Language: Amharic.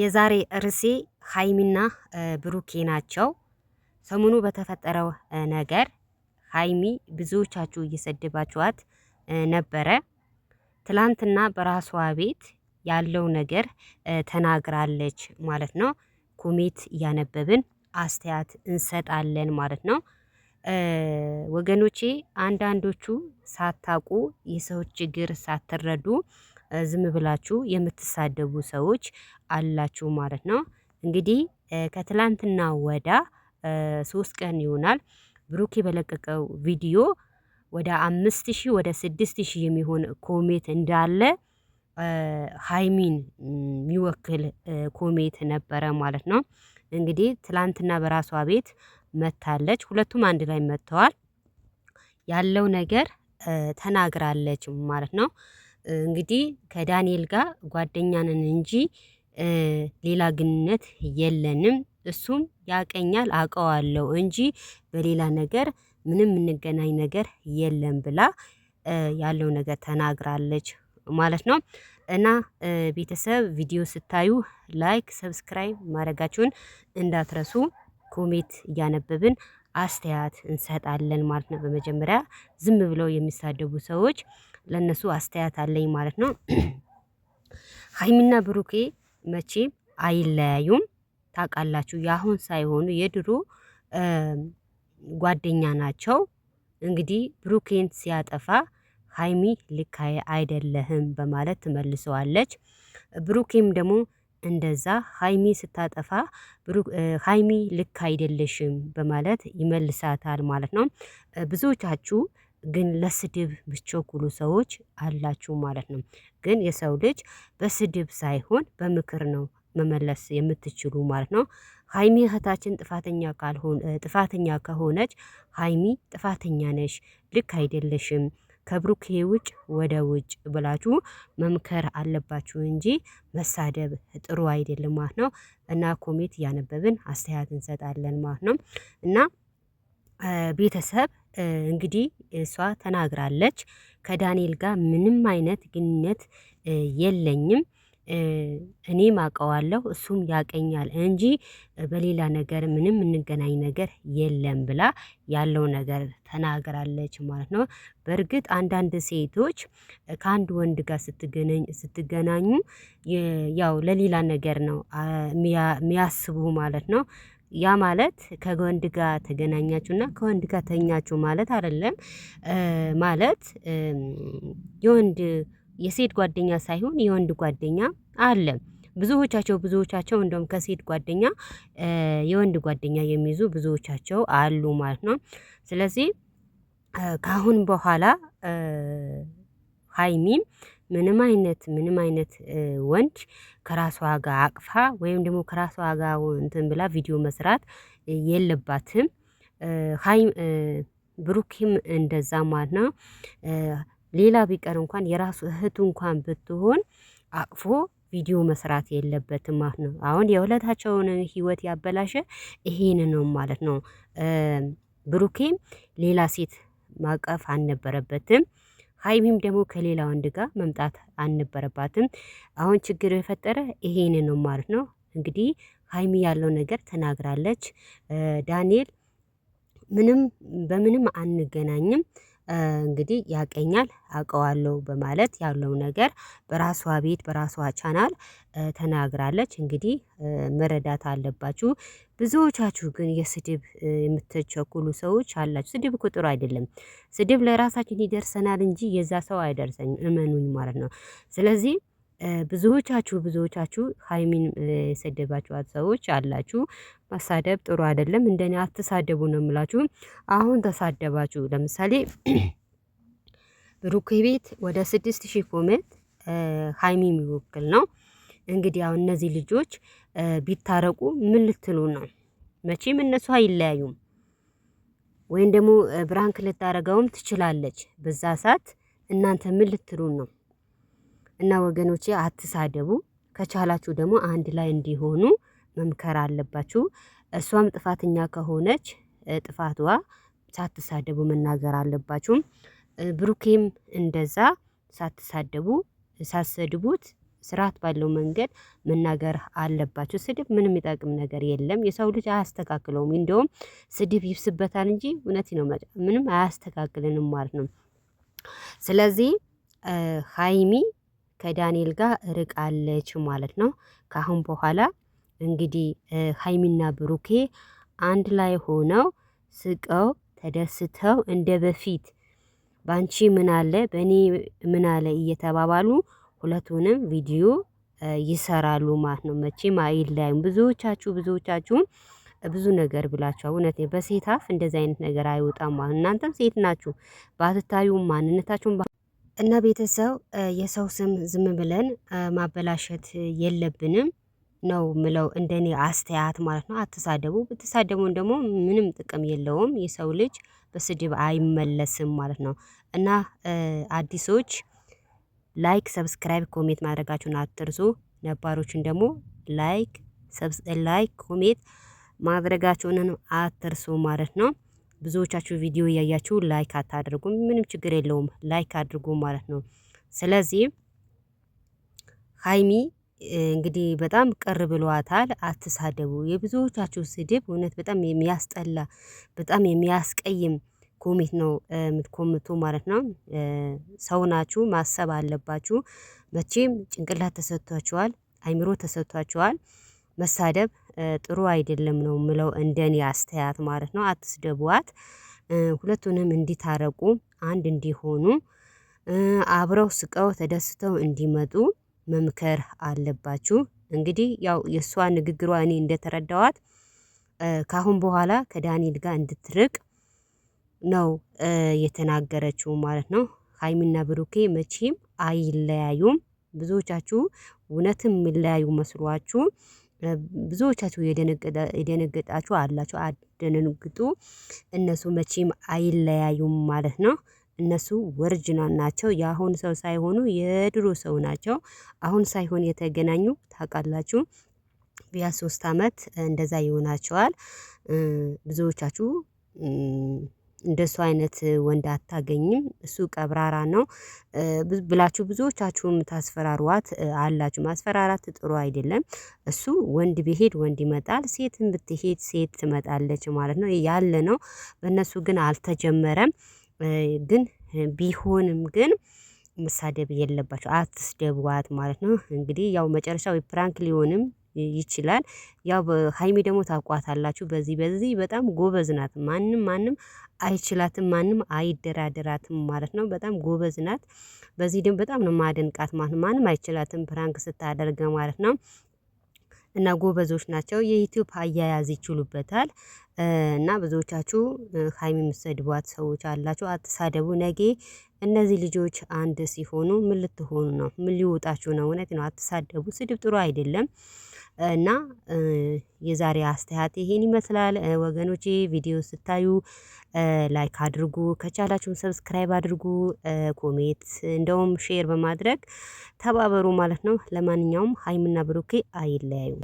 የዛሬ እርሴ ሀይሚና ብሩኬ ናቸው። ሰሞኑ በተፈጠረው ነገር ሀይሚ ብዙዎቻችሁ እየሰደባችኋት ነበረ። ትላንትና በራሷ ቤት ያለው ነገር ተናግራለች ማለት ነው። ኮሜት እያነበብን አስተያየት እንሰጣለን ማለት ነው። ወገኖቼ አንዳንዶቹ ሳታውቁ የሰዎች ችግር ሳትረዱ ዝም ብላችሁ የምትሳደቡ ሰዎች አላችሁ ማለት ነው። እንግዲህ ከትላንትና ወዳ ሶስት ቀን ይሆናል ብሩክ በለቀቀው ቪዲዮ ወደ አምስት ሺህ ወደ ስድስት ሺህ የሚሆን ኮሜት እንዳለ ሀይሚን የሚወክል ኮሜት ነበረ ማለት ነው። እንግዲህ ትላንትና በራሷ ቤት መታለች። ሁለቱም አንድ ላይ መጥተዋል። ያለው ነገር ተናግራለች ማለት ነው። እንግዲህ ከዳንኤል ጋር ጓደኛንን እንጂ ሌላ ግንኙነት የለንም። እሱም ያቀኛል አውቀዋለሁ እንጂ በሌላ ነገር ምንም ምንገናኝ ነገር የለም ብላ ያለው ነገር ተናግራለች ማለት ነው። እና ቤተሰብ ቪዲዮ ስታዩ ላይክ፣ ሰብስክራይብ ማድረጋችሁን እንዳትረሱ። ኮሜት እያነበብን አስተያየት እንሰጣለን ማለት ነው። በመጀመሪያ ዝም ብለው የሚሳደቡ ሰዎች ለእነሱ አስተያየት አለኝ ማለት ነው። ሀይሚና ብሩኬ መቼም አይለያዩም። ታውቃላችሁ፣ የአሁን ሳይሆኑ የድሮ ጓደኛ ናቸው። እንግዲህ ብሩኬን ሲያጠፋ ሀይሚ ልክ አይደለህም በማለት ትመልሰዋለች። ብሩኬም ደግሞ እንደዛ ሀይሚ ስታጠፋ ሀይሚ ልክ አይደለሽም በማለት ይመልሳታል ማለት ነው ብዙዎቻችሁ ግን ለስድብ ምቸኩሉ ሰዎች አላችሁ ማለት ነው። ግን የሰው ልጅ በስድብ ሳይሆን በምክር ነው መመለስ የምትችሉ ማለት ነው። ሀይሚ እህታችን ጥፋተኛ ካልሆን ጥፋተኛ ከሆነች ሀይሚ ጥፋተኛ ነሽ፣ ልክ አይደለሽም፣ ከብሩኬ ውጭ ወደ ውጭ ብላችሁ መምከር አለባችሁ እንጂ መሳደብ ጥሩ አይደለም ማለት ነው። እና ኮሜት እያነበብን አስተያየት እንሰጣለን ማለት ነው እና ቤተሰብ እንግዲህ እሷ ተናግራለች። ከዳንኤል ጋር ምንም አይነት ግንኙነት የለኝም እኔም አውቀዋለሁ እሱም ያቀኛል እንጂ በሌላ ነገር ምንም እንገናኝ ነገር የለም ብላ ያለው ነገር ተናግራለች ማለት ነው። በእርግጥ አንዳንድ ሴቶች ከአንድ ወንድ ጋር ስትገናኙ ያው ለሌላ ነገር ነው የሚያስቡ ማለት ነው። ያ ማለት ከወንድ ጋር ተገናኛችሁና ከወንድ ጋር ተኛችሁ ማለት አይደለም። ማለት የወንድ የሴት ጓደኛ ሳይሆን የወንድ ጓደኛ አለ። ብዙዎቻቸው ብዙዎቻቸው እንደውም ከሴት ጓደኛ የወንድ ጓደኛ የሚይዙ ብዙዎቻቸው አሉ ማለት ነው። ስለዚህ ከአሁን በኋላ ሀይሚም ምንም አይነት ምንም አይነት ወንድ ከራሷ ጋር አቅፋ ወይም ደግሞ ከራሷ ጋር እንትን ብላ ቪዲዮ መስራት የለባትም። ሃይም ብሩኬም እንደዛ ማለት ነው። ሌላ ቢቀር እንኳን የራሱ እህቱ እንኳን ብትሆን አቅፎ ቪዲዮ መስራት የለበትም ማለት ነው። አሁን የሁለታቸውን ህይወት ያበላሸ ይሄን ነው ማለት ነው። ብሩኬም ሌላ ሴት ማቀፍ አልነበረበትም ሀይሚም ደግሞ ከሌላ ወንድ ጋር መምጣት አልነበረባትም። አሁን ችግር የፈጠረ ይሄን ነው ማለት ነው። እንግዲህ ሀይሚ ያለው ነገር ተናግራለች። ዳንኤል ምንም በምንም አንገናኝም እንግዲህ ያቀኛል አውቀዋለሁ በማለት ያለው ነገር በራሷ ቤት በራሷ ቻናል ተናግራለች። እንግዲህ መረዳት አለባችሁ። ብዙዎቻችሁ ግን የስድብ የምትቸኩሉ ሰዎች አላችሁ። ስድብ እኮ ጥሩ አይደለም። ስድብ ለራሳችን ይደርሰናል እንጂ የዛ ሰው አይደርሰኝ፣ እመኑኝ ማለት ነው። ስለዚህ ብዙዎቻችሁ ብዙዎቻችሁ ሀይሚን የሰደባችኋት ሰዎች አላችሁ። መሳደብ ጥሩ አይደለም። እንደኔ አትሳደቡ ነው የምላችሁ። አሁን ተሳደባችሁ። ለምሳሌ ብሩኬ ቤት ወደ ስድስት ሺህ ኮሜንት ሀይሚ የሚወክል ነው። እንግዲህ አሁን እነዚህ ልጆች ቢታረቁ ምን ልትሉ ነው? መቼም እነሱ አይለያዩም። ወይም ደግሞ ብራንክ ልታረገውም ትችላለች። በዛ ሰዓት እናንተ ምን ልትሉ ነው? እና ወገኖቼ አትሳደቡ። ከቻላችሁ ደግሞ አንድ ላይ እንዲሆኑ መምከር አለባችሁ። እሷም ጥፋተኛ ከሆነች ጥፋቷ ሳትሳደቡ መናገር አለባችሁ። ብሩኬም እንደዛ ሳትሳደቡ ሳትሰድቡት ስርዓት ባለው መንገድ መናገር አለባችሁ። ስድብ ምንም የሚጠቅም ነገር የለም። የሰው ልጅ አያስተካክለውም። እንደውም ስድብ ይብስበታል እንጂ እውነት ነው ምንም አያስተካክልንም ማለት ነው። ስለዚህ ሀይሚ ከዳንኤል ጋር ርቃለች ማለት ነው። ከአሁን በኋላ እንግዲህ ሀይሚና ብሩኬ አንድ ላይ ሆነው ስቀው ተደስተው እንደ በፊት ባንቺ ምን አለ በእኔ ምን አለ እየተባባሉ ሁለቱንም ቪዲዮ ይሰራሉ ማለት ነው። መቼም አይለያዩም። ብዙዎቻችሁ ብዙዎቻችሁም ብዙ ነገር ብላችኋል። እውነት በሴት አፍ እንደዚህ አይነት ነገር አይወጣም ማለት እናንተም ሴት ናችሁ። ባትታዩ ማንነታችሁን እና ቤተሰብ የሰው ስም ዝም ብለን ማበላሸት የለብንም ነው ምለው፣ እንደኔ አስተያየት ማለት ነው። አትሳደቡ። ብትሳደቡን ደግሞ ምንም ጥቅም የለውም። የሰው ልጅ በስድብ አይመለስም ማለት ነው። እና አዲሶች ላይክ፣ ሰብስክራይብ፣ ኮሜንት ማድረጋችሁን አትርሱ። ነባሮችን ደግሞ ላይክ ላይክ ኮሜንት ማድረጋችሁንን አትርሱ ማለት ነው። ብዙዎቻችሁ ቪዲዮ እያያችሁ ላይክ አታደርጉም። ምንም ችግር የለውም ላይክ አድርጉ ማለት ነው። ስለዚህ ሀይሚ እንግዲህ በጣም ቅር ብሏታል። አትሳደቡ። የብዙዎቻችሁ ስድብ እውነት በጣም የሚያስጠላ በጣም የሚያስቀይም ኮሜት ነው የምትኮምቱ ማለት ነው። ሰው ናችሁ፣ ማሰብ አለባችሁ። መቼም ጭንቅላት ተሰጥቷችኋል፣ አይምሮ ተሰጥቷችኋል መሳደብ ጥሩ አይደለም ነው የምለው እንደኔ አስተያየት ማለት ነው። አትስደቧት። ሁለቱንም እንዲታረቁ አንድ እንዲሆኑ አብረው ስቀው ተደስተው እንዲመጡ መምከር አለባችሁ። እንግዲህ ያው የእሷ ንግግሯ እኔ እንደተረዳዋት ከአሁን በኋላ ከዳንኤል ጋር እንድትርቅ ነው የተናገረችው ማለት ነው። ሀይሚና ብሩኬ መቼም አይለያዩም። ብዙዎቻችሁ እውነትም የሚለያዩ መስሏችሁ ብዙዎቻችሁ የደነገጣችሁ አላችሁ። አደነግጡ። እነሱ መቼም አይለያዩም ማለት ነው። እነሱ ወርጅና ናቸው። የአሁን ሰው ሳይሆኑ የድሮ ሰው ናቸው። አሁን ሳይሆን የተገናኙ ታውቃላችሁ። ቢያንስ ሶስት አመት እንደዛ ይሆናቸዋል። ብዙዎቻችሁ እንደሱ አይነት ወንድ አታገኝም እሱ ቀብራራ ነው። ብላችሁ ብዙዎቻችሁም ታስፈራሯት አላችሁ ማስፈራራት ጥሩ አይደለም። እሱ ወንድ ቢሄድ ወንድ ይመጣል ሴትም ብትሄድ ሴት ትመጣለች ማለት ነው ያለ ነው። በእነሱ ግን አልተጀመረም። ግን ቢሆንም ግን መሳደብ የለባቸው አትስደቧት ማለት ነው። እንግዲህ ያው መጨረሻው ፕራንክ ሊሆንም ይችላል። ያው ሀይሚ ደግሞ ታውቋታላችሁ። በዚህ በዚህ በጣም ጎበዝ ናት። ማንም ማንም አይችላትም፣ ማንም አይደራደራትም ማለት ነው። በጣም ጎበዝ ናት። በዚህ ደግሞ በጣም ነው ማደንቃት ማለት ነው። ማንም አይችላትም ፕራንክ ስታደርገ ማለት ነው። እና ጎበዞች ናቸው። የዩቲዩብ አያያዝ ይችሉበታል። እና ብዙዎቻችሁ ሀይሚ የምትሰድቧት ሰዎች አላችሁ። አትሳደቡ። ነገ እነዚህ ልጆች አንድ ሲሆኑ ምን ልትሆኑ ነው? ምን ሊወጣችሁ ነው? እውነት ነው። አትሳደቡ። ስድብ ጥሩ አይደለም። እና የዛሬ አስተያየት ይሄን ይመስላል ወገኖቼ ቪዲዮ ስታዩ ላይክ አድርጉ ከቻላችሁም ሰብስክራይብ አድርጉ ኮሜት እንደውም ሼር በማድረግ ተባበሩ ማለት ነው። ለማንኛውም ሀይምና ብሩኬ አይለያዩ